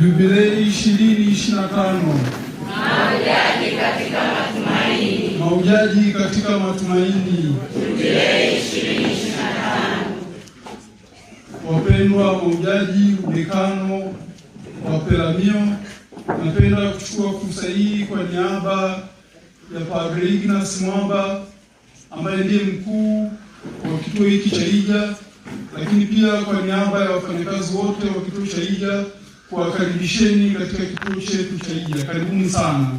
Jubilei ishirini ishirini na tano maujaji katika matumaini, maujaji katika matumaini. Yubilei ishirini wapendwa maujaji udekano wa Peramiho, napenda kuchukua fursa hii kwa niaba ya Padre Ignas Mwamba ambaye ndiye mkuu wa kituo hiki cha hija, lakini pia kwa niaba ya wafanyakazi wote wa kituo cha hija kuwakaribisheni katika kituo chetu cha Ija. Karibuni sana.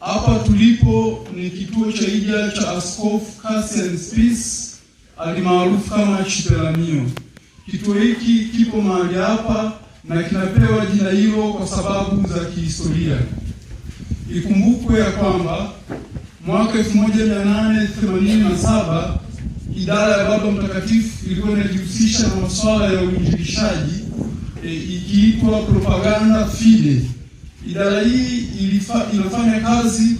Hapa tulipo ni kituo cha Ija cha Askofu Cassian Spitz alimaarufu kama Chipelamio. Kituo hiki kipo mahali hapa na kinapewa jina hilo kwa sababu za kihistoria. Ikumbukwe ya kwamba mwaka 1887 idara ya Baba Mtakatifu ilikuwa inajihusisha na masuala ya uinjilishaji e, ikiitwa Propaganda Fide. Idara hii ilifa, inafanya kazi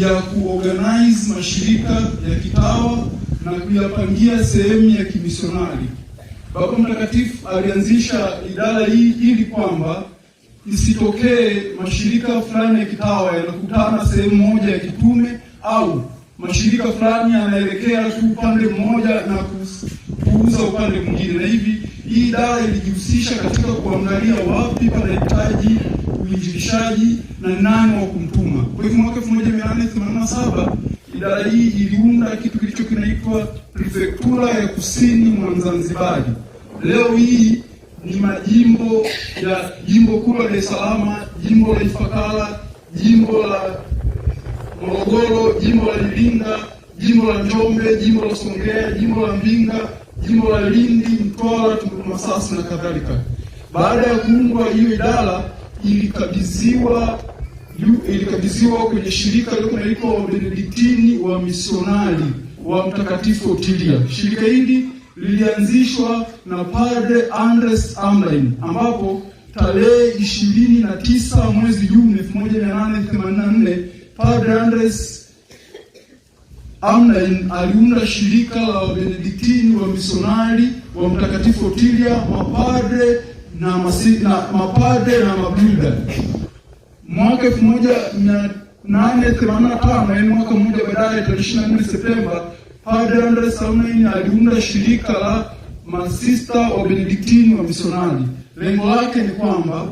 ya kuorganize mashirika ya kitawa na kuyapangia sehemu ya kimisionari. Baba Mtakatifu alianzisha idara hii ili kwamba isitokee mashirika fulani ya kitawa yanakutana sehemu moja ya kitume au mashirika fulani yanaelekea tu upande mmoja na kuuza upande mwingine, na hivi hii idara ilijihusisha katika kuangalia wapi panahitaji uinjilishaji na nani wa kumtuma. Kwa hivyo mwaka 1887 idara hii iliunda kitu kilicho kinaitwa prefektura ya kusini mwa Zanzibari. Leo hii ni majimbo ya jimbo kuu la Dar es Salaam, jimbo la Ifakara, jimbo la Morogoro, jimbo la Iringa, jimbo la Njombe, jimbo la Songea, jimbo la Mbinga, jimbo la Lindi, Mtwara, Tunduma, Masasi na kadhalika. Baada ya kuundwa hiyo idara ilikabidhiwa ilikabidhiwa kwenye shirika lililokuwa linaitwa Wabenediktini wa misionari wa Mtakatifu Otilia. Shirika hili lilianzishwa na Padre Andres Amlin ambapo tarehe 29 mwezi Juni 1884 Padre Andres Amna aliunda shirika la Wabenediktini wa misionari wa Mtakatifu Otilia, mapadre na masina, na mapadre na mabilda. Mwaka 1885 yaani mwaka mmoja baadaye, tarehe 24 Septemba, Padre Andres Amna aliunda shirika la masista wa Benediktini wa misionari. Lengo lake ni kwamba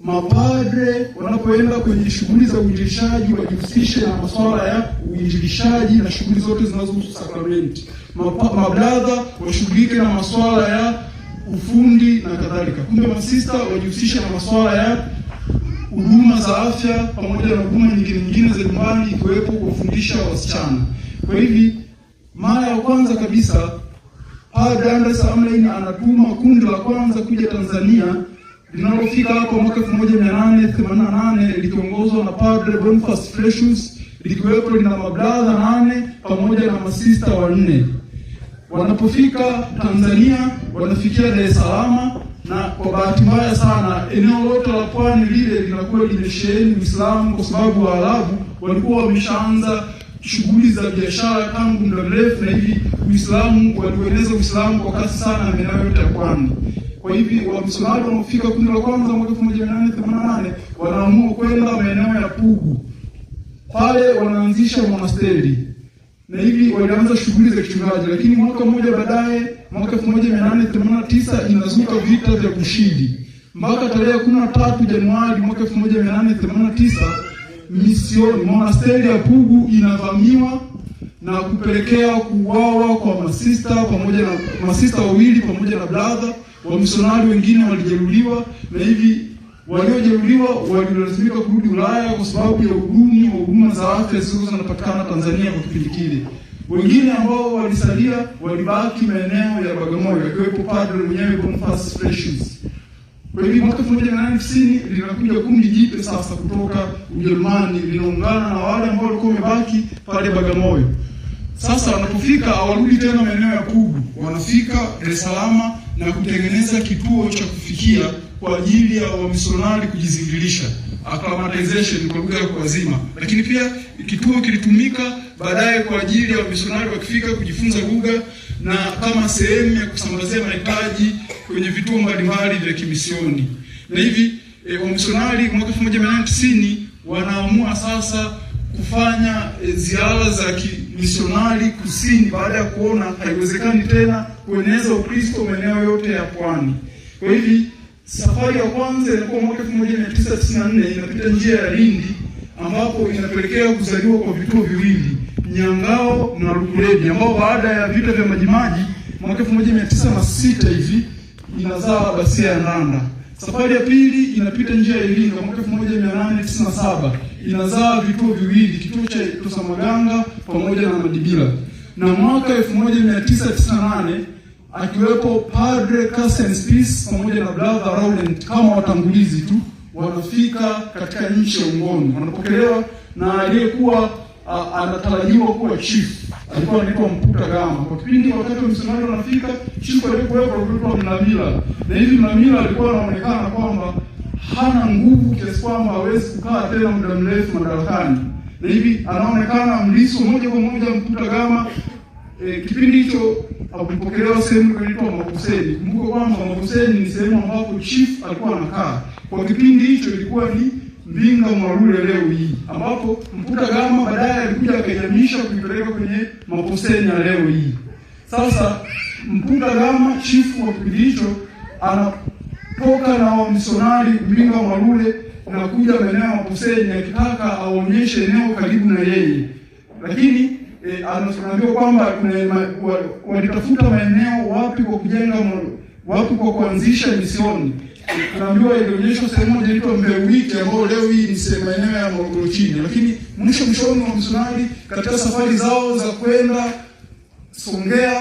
mapadre wanapoenda kwenye shughuli za uinjilishaji wajihusishe na masuala ya uinjilishaji na shughuli zote zinazohusu sakramenti. Mabradha washughulike na masuala ya ufundi na kadhalika. Kumbe masista wajihusishe na masuala ya huduma za afya pamoja na huduma nyingine nyingine za nyumbani, ikiwepo kuwafundisha wasichana. Kwa hivi mara ya kwanza kabisa Padre Andres Amlein anatuma kundi la kwanza kuja Tanzania linalofika hapa mwaka 1888 likiongozwa na Padre Boniface Freshus likiwepo lina mabradha nane pamoja na masista wanne. Wanapofika Tanzania wanafikia Dar es Salaam, na kwa bahati mbaya sana eneo lote la pwani lile linakuwa limesheheni Uislamu kwa sababu Waarabu walikuwa wameshaanza shughuli za biashara tangu muda mrefu, na hivi Uislamu waliueneza Uislamu kwa kasi sana maeneo yote ya pwani. Kwa hivi wamisionari wanaofika kundi la kwanza mwaka elfu moja mia nane na nane wanaamua kwenda maeneo ya Pugu, pale wanaanzisha monasteri na hivi walianza shughuli za kichungaji, lakini mwaka mmoja baadaye, mwaka elfu moja mia nane na tisa inazuka vita vya Bushidi mpaka tarehe kumi na tatu Januari mwaka elfu moja mia nane na tisa misioni monasteri ya Pugu inavamiwa na kupelekea kuuawa kwa masista pamoja na masista wawili pamoja na brother Wamisionari wengine walijeruhiwa, na hivi waliojeruhiwa walilazimika kurudi Ulaya kwa sababu ya uduni wa huduma za afya zilizokuwa zinapatikana Tanzania kwa kipindi kile. Wengine ambao walisalia walibaki maeneo ya Bagamoyo, akiwepo padre mwenyewe Boniface Precious. Kwa hivyo mwaka 1890 linakuja kundi jipe sasa kutoka Ujerumani linaungana na wale ambao walikuwa wamebaki pale Bagamoyo. Sasa wanapofika hawarudi tena maeneo ya Kugu, wanafika Dar es Salaam na kutengeneza kituo cha kufikia kwa ajili ya wamisionari kujizingilisha, acclimatization kwa lugha ya kuwazima. Lakini pia kituo kilitumika baadaye kwa ajili ya wamisionari wakifika kujifunza lugha na kama sehemu ya kusambazia mahitaji kwenye vituo mbalimbali vya kimisioni. Na hivi e, wamisionari mwaka 1990 wanaamua sasa kufanya e, ziara za kimisionari kusini baada ya kuona haiwezekani tena kueneza Ukristo maeneo yote ya pwani. Kwa hivi safari ya kwanza ilikuwa mwaka 1994 inapita njia ya Lindi ambapo inapelekea kuzaliwa kwa vituo viwili Nyangao na Lukuredi ambao baada ya vita vya Majimaji mwaka 1906 hivi inazaa Basia ya Nanda. Safari ya pili inapita njia ya Iringa mwaka 1897 inazaa vituo viwili, kituo cha Tosamaganga pamoja na Madibila, na mwaka 1998 akiwepo Padre Cassen Spies pamoja na Brother Rowland kama watangulizi tu, wanafika katika nchi ya Ungoni, wanapokelewa na aliyekuwa anatarajiwa kuwa chief, alikuwa anaitwa Mputa Gama. Kwa kipindi wakati wa misionari wanafika, chifu aliyekuwepo alikuwa Mnamila, na hivi Mnamila alikuwa anaonekana kwamba hana nguvu kiasi kwamba hawezi kukaa tena muda mrefu madarakani, na hivi anaonekana mliso moja kwa moja Mputa Gama. E, kipindi hicho akupokelewa sehemu inaitwa Makuseni. Kumbuka kwamba Makuseni ni sehemu ambapo chief alikuwa anakaa kwa kipindi hicho, ilikuwa ni Mbinga Mwarule leo hii, ambapo Gama baadaye alikuja akaihamisha kuipeleka kwenye Makuseni ya leo hii. Sasa Gama chief wa kipindi hicho anatoka na wamisionari Mbinga Mwarule na kuja maeneo ya Makuseni akitaka aonyeshe eneo karibu na yeye, lakini e, kwamba walitafuta maeneo wapi kwa kujenga wapi kwa kuanzisha misioni. Eh, tunaambiwa ilionyeshwa sehemu moja inaitwa Mbeuiki ambayo leo hii ni maeneo ya Morogoro chini, lakini mwisho mwishoni wa misionari katika safari zao za kwenda Songea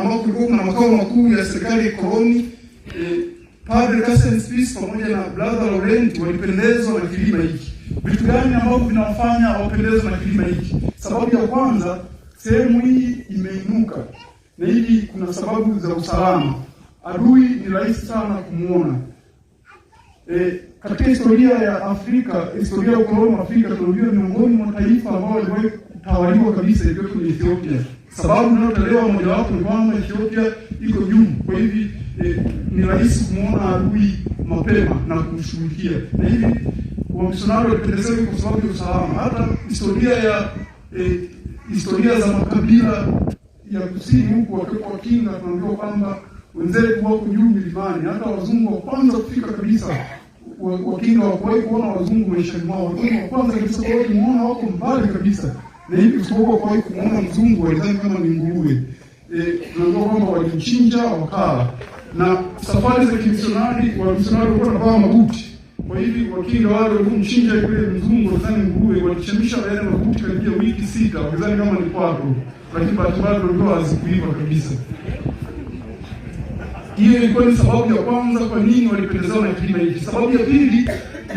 ambao kulikuwa kuna makao makuu ya serikali ya koloni eh, Padre Cassian Spiss pamoja na Brother Laurent walipendezwa na kilima hiki Vitu gani ambavyo vinawafanya wapendezwe na kilima hiki? Sababu ya kwanza, sehemu hii imeinuka, na hivi kuna sababu za usalama. Adui ni rahisi sana kumwona. E, katika historia ya Afrika, historia ya ukoloni wa Afrika, tunajua miongoni mwa taifa ambao waliwahi kutawaliwa kabisa ilikuwa ni Ethiopia. Sababu inayotolewa mojawapo ni kwamba Ethiopia iko juu, kwa hivi e, ni rahisi kumwona adui mapema na kumshughulikia na hivi wa misionari walipendezea hivi kwa sababu ya usalama. Hata historia ya eh, historia za makabila ya kusini huku wakiwepo kinga, tunaambiwa kwamba wenzetu wako juu milimani. Hata wazungu wa kwanza kufika kabisa Wakinga wakuwahi kuona wazungu maishani mwao, wazungu wa kwanza kabisa kuwahi kumwona, wako mbali kabisa na hivi, kwa sababu wakuwahi kumwona mzungu walidhani kama ni nguruwe. E, tunaambiwa eh, kwamba walimchinja wakala, na safari za kimisionari, wamisionari walikuwa wanavaa mabuti kwa hivi wakinga wale kumchinja yule mzungu wasani nguwe walichemsha baada ya karibia wiki sita, wakizani kama ni kwako lakini bahati mbaya walikuwa hazikuiva kabisa. Hiyo ilikuwa ni sababu ya kwanza kwa nini walipendezewa na kilima hiki. Sababu ya pili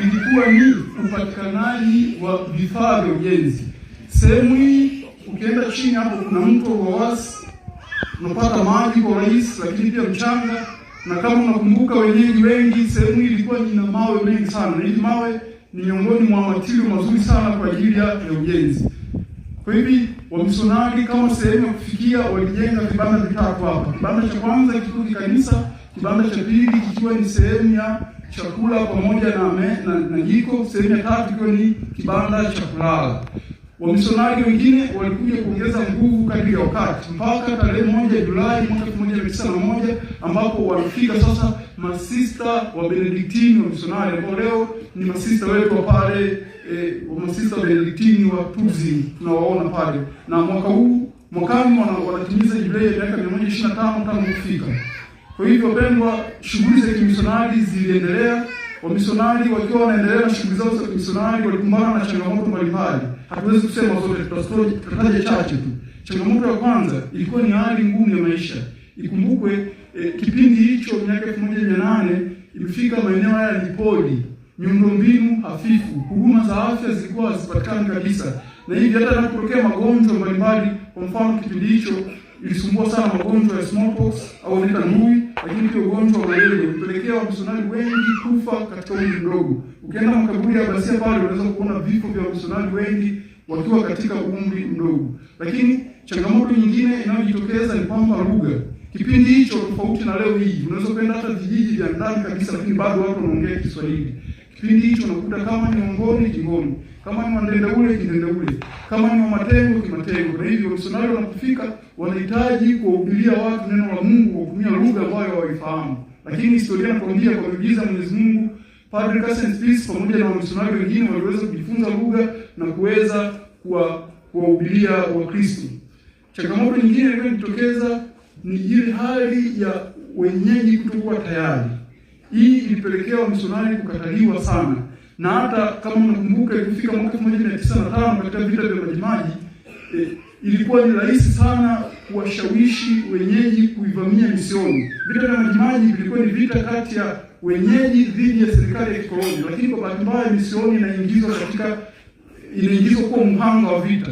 ilikuwa ni upatikanaji wa vifaa vya ujenzi. Sehemu hii ukienda chini hapo kuna mto wa wasi unapata maji kwa urahisi, lakini pia mchanga na kama unakumbuka, wenyeji wengi sehemu hii ilikuwa ina mawe mengi sana, na hizi mawe ni miongoni mwa matilio mazuri sana kwa ajili ya ujenzi. Kwa hivi wamisionari kama sehemu ya kufikia walijenga vibanda vitatu hapa. Kibanda cha kwanza kikiwa ni kanisa, kibanda cha pili kikiwa ni sehemu ya chakula pamoja na, me, na, na jiko, sehemu ya tatu ikiwa ni kibanda cha kulala. Wamisionari wengine walikuja kuongeza nguvu kadri ya wakati mpaka tarehe moja Julai mwaka na moja ambapo walifika sasa masista wa Benediktini wa misionari ambao leo ni masista wetu wa pale eh, wa masista wa Benediktini wa Tuzi tunawaona pale, na mwaka huu mwakani wanatimiza jubilei ya miaka 125 tangu kufika. Kwa hivyo pendwa, shughuli za kimisionari ziliendelea. Wamisionari wakiwa wanaendelea na shughuli zao za kimisionari walikumbana na changamoto mbalimbali. Hatuwezi kusema zote, tutataja chache tu. Changamoto ya kwanza ilikuwa ni hali ngumu ya maisha. Ikumbukwe e, kipindi hicho miaka elfu moja mia nane imefika maeneo haya yalipoli, miundombinu hafifu, huduma za afya zilikuwa hazipatikani kabisa, na hivi hata yanapotokea magonjwa mbalimbali, kwa mfano kipindi hicho ilisumbua sana magonjwa ya smallpox au neta ndui, lakini pia ugonjwa wa malaria ulipelekea wamisionari wengi kufa katika umri mdogo. Ukienda makaburi ya Basia pale unaweza kuona vifo vya wamisionari wengi wakiwa katika umri mdogo. Lakini changamoto nyingine inayojitokeza ni kwamba lugha Kipindi hicho tofauti na leo hii, unaweza kwenda hata vijiji vya ndani kabisa, lakini bado watu wanaongea Kiswahili. Kipindi hicho unakuta kama ni Ngoni Jingoni, kama ni ule, Wandendeule ule, kama ni Wamatengo Kimatengo. Na hivyo misionari wanapofika wanahitaji kuwahubiria watu neno la Mungu kwa kutumia lugha ambayo hawaifahamu, lakini historia inakwambia kwa miujiza Mwenyezi Mungu Padre Cassian Spitz pamoja na wamisionari wengine waliweza kujifunza lugha na kuweza kuwahubiria Wakristo. Changamoto nyingine ilikuwa iliyojitokeza ni ile hali ya wenyeji kutokuwa tayari. Hii ilipelekea wamisionari kukataliwa sana, na hata kama nakumbuka, ilifika mwaka 1995 katika vita vya Majimaji eh, ilikuwa ni rahisi sana kuwashawishi wenyeji kuivamia misioni. Vita vya Majimaji vilikuwa ni vita kati ya wenyeji dhidi ya serikali ya kikoloni, lakini kwa bahati mbaya misioni inaingizwa katika inaingizwa kuwa mhanga wa vita,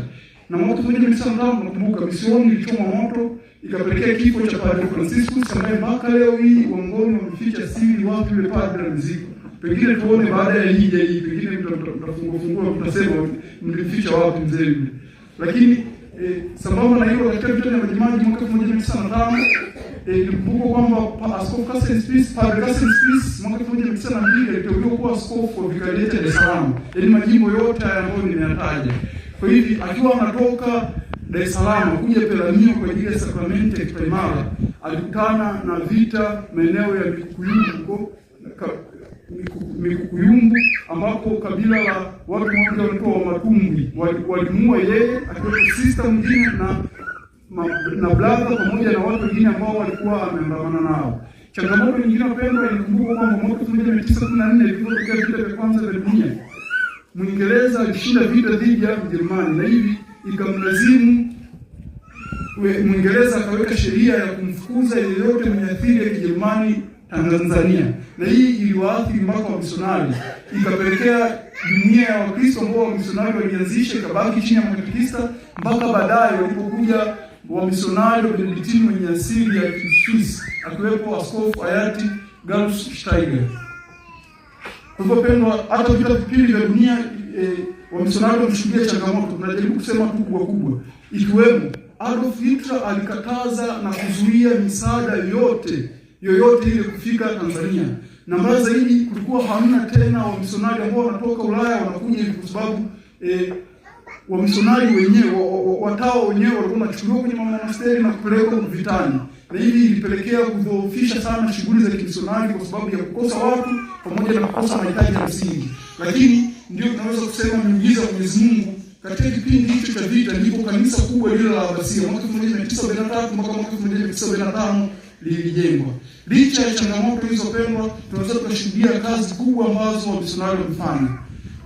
na mwaka 1995 nakumbuka misioni ilichomwa moto ikapelekea kifo cha Padre Franciscus ambaye mpaka leo hii uongoni wameficha siri wapi yule padre mziko. Pengine tuone baada ya hija hii, pengine mtafungua fungua, mtasema mlificha wapi mzee yule. Lakini eh, sababu na hiyo katika vita vya Majimaji mwaka 1905 eh, nikumbuka kwamba Askofu Cassius Spitz, Padre Cassius Spitz mwaka 1902 aliteuliwa kuwa askofu wa vikariati ya Dar es Salaam, yaani majimbo yote haya ambayo nimeyataja. Kwa hivi akiwa anatoka Dar es Salaam kuja Peramiho kwa ajili ya sakramenti ya kipaimara, alikutana na vita maeneo ya Mikukuyumbu Mikukuyumbu ambapo kabila la watu moja walikuwa Matumbi walimuua yeye akiwepo sista mwingine na ma, na bradha pamoja na watu wengine ambao walikuwa wameandamana nao. Changamoto nyingine wapendwa, ilikumbuka kwamba mwaka elfu moja mia tisa kumi na nne vilivyotokea vita vya kwanza vya dunia, Mwingereza alishinda vita dhidi ya Ujerumani na hivi ikamlazimu Mwingereza akaweka sheria ya kumfukuza yeyote mwenye athiri ya Kijerumani Tanzania, na hii iliwaathiri mpaka wamisionari, ikapelekea dunia ya Wakristo ambao wamisionari walianzisha ikabaki chini ya Mwatikista mpaka baadaye walipokuja wamisionari wa Benediktini wenye asili ya Kiswisi akiwepo askofu hayati Gallus Steiger. Kwa hivyo pendwa, hata vita vipili vya dunia e, eh, wamisionari wameshuhudia changamoto, tunajaribu kusema tu kubwa kubwa ikiwemo Adolf Hitler alikataza na kuzuia misaada yote yoyote ile kufika Tanzania, na mbaya zaidi kulikuwa hamna tena wamisionari ambao wanatoka Ulaya wanakuja hivi, kwa sababu eh, wamisionari wenyewe watawa wenyewe walikuwa wanachukuliwa kwenye monasteri na kupelekwa vitani, na hivi ilipelekea kudhoofisha sana shughuli za kimisionari kwa sababu ya kukosa watu pamoja na kukosa mahitaji ya msingi. Lakini ndio tunaweza kusema miujiza ya Mwenyezi Mungu katika kipindi hicho cha vita ndipo kanisa kubwa lile la Abasia mwaka 1973 mpaka mwaka 1975 lilijengwa. Licha ya changamoto hizo, pendwa, tunaweza kushuhudia kazi kubwa ambazo wamisionari wamefanya.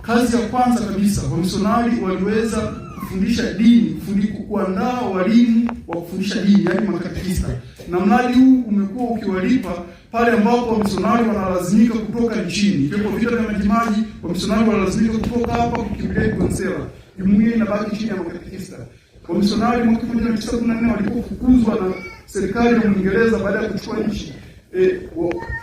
Kazi ya kwanza kabisa, wamisionari waliweza kufundisha dini, kuandaa walimu wa kufundisha dini, yaani makatekista, na mradi huu umekuwa ukiwalipa pale ambapo wamisionari wanalazimika kutoka nchini. Ndipo vita vya Majimaji, wamisionari wanalazimika kutoka hapa kukimbilia Konsela jumuiya inabaki chini ya makatekista. Wamisionari mwaka elfu moja mia tisa kumi na nne walipofukuzwa na serikali ya Uingereza baada ya kuchukua nchi eh,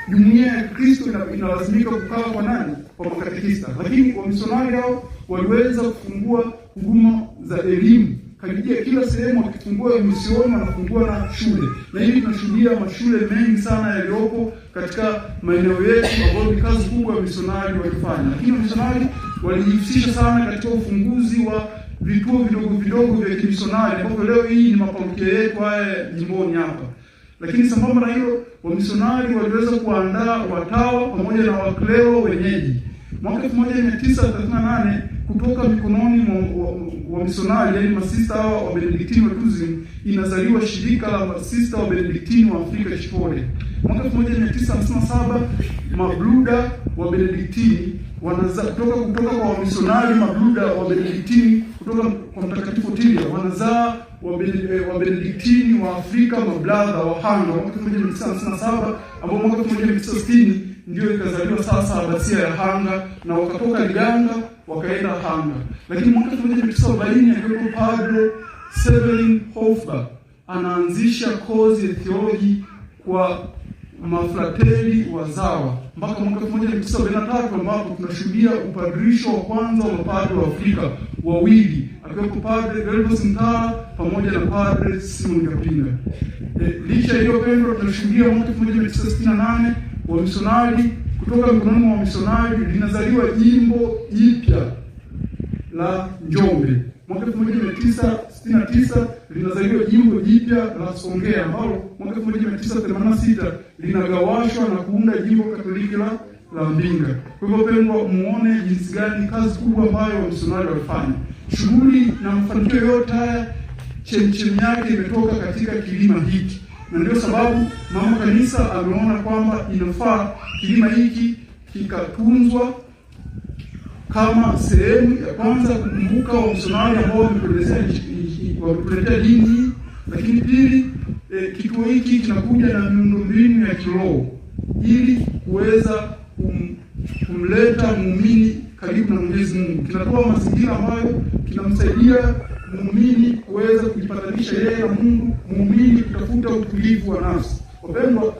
jumuiya ya Kristo inalazimika kukaa kwa nani? Kwa makatekista. Lakini wamisionari hao waliweza kufungua huduma za elimu karibia kila sehemu, wakifungua misioni wanafungua na shule, na hivi tunashuhudia mashule mengi sana yaliyopo katika maeneo yetu ambayo ni kazi kubwa ya misionari walifanya, lakini misionari walijihusisha sana katika ufunguzi wa vituo vidogo vidogo vya kimisionari ambavyo leo hii ni maparokia yetu haya jimboni hapa. Lakini sambamba na hilo, wamisionari waliweza kuandaa watawa pamoja na wakleo wenyeji. Mwaka nane kutoka mikononi mwa wamisionari yaani masista hawa wa Benediktini wa Tuzim inazaliwa shirika la masista wa Benediktini wa Afrika Chipole. Mwaka saba mabluda wa Benediktini wanaza kutoka kutoka kwa wamisionari mabuda wa Benediktini kutoka kwa Mtakatifu Tilia wanazaa eh, wa Benediktini wa Afrika mabladha Hanga mwaka 1957 ambao mwaka 1960 ndio ikazaliwa sasa abasia ya Hanga na wakatoka Liganga wakaenda Hanga, lakini mwaka 1970 akiwepo Padre Severin hofba anaanzisha kozi ya theology kwa mafrateli wazawa mpaka mwaka 1973 ambapo tunashuhudia upadirisho wa kwanza wa mapadre wa Afrika wawili akiwepo Padre Galvez Mtara pamoja na Padre Simon Kapinga. E, licha iliyopendwa tunashuhudia mwaka 1968 wamisionari kutoka mikononi mwa wamisionari linazaliwa jimbo jipya la Njombe mwaka 1969 linazaliwa jimbo jipya la Songea ambalo mwaka 1986 linagawashwa na kuunda jimbo Katoliki la la Mbinga. Kwa hivyo pendwa, muone jinsi gani kazi kubwa ambayo wamisionari walifanya. Shughuli na mafanikio yote haya chemchemi yake imetoka katika kilima hiki, na ndio sababu mama kanisa ameona kwamba inafaa kilima hiki kikatunzwa kama sehemu ya kwanza kukumbuka wamisionari ambao wametuletea dini hii, lakini pili e, kituo hiki kinakuja na miundombinu ya kiroho ili kuweza kum, kumleta muumini karibu na Mwenyezi Mungu. Kinatoa mazingira ambayo kinamsaidia muumini kuweza kujipatanisha yeye na Mungu, muumini kutafuta utulivu wa nafsi. Wapendwa